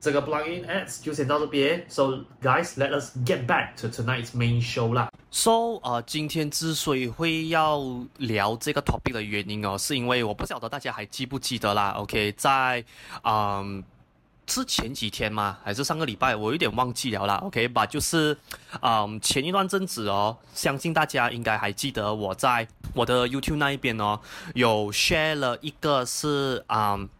這個 blog in ads 就先到這邊。So guys，let us get back to tonight's main show 啦。So 呃、uh,，今天之所以會要聊這個 topic 的原因哦，是因為我不曉得大家還記不記得啦。OK，在嗯、um, 之前幾天嘛，還是上個禮拜，我有點忘記了啦。OK，把就是嗯前一段陣子哦，相信大家應該還記得我在我的 YouTube 那一邊哦，有 share 了一個是嗯。Um,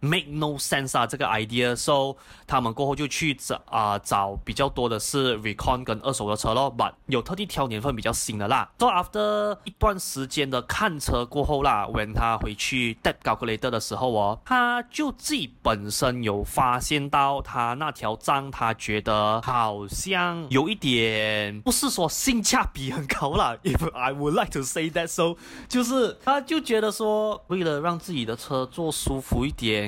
make no sense 啊，這個 idea，so 他們過後就去找啊、呃、找比較多的是 Recon 跟二手的車咯，but 有特地挑年份比較新的啦。so after 一段時間的看車過後啦，when 他回去 tap calculator 的時候哦，他就自己本身有發現到他那條賬，他覺得好像有一點，不是說性價比很高啦，if I would like to say that so，就是他就覺得說，為了讓自己的車坐舒服一點。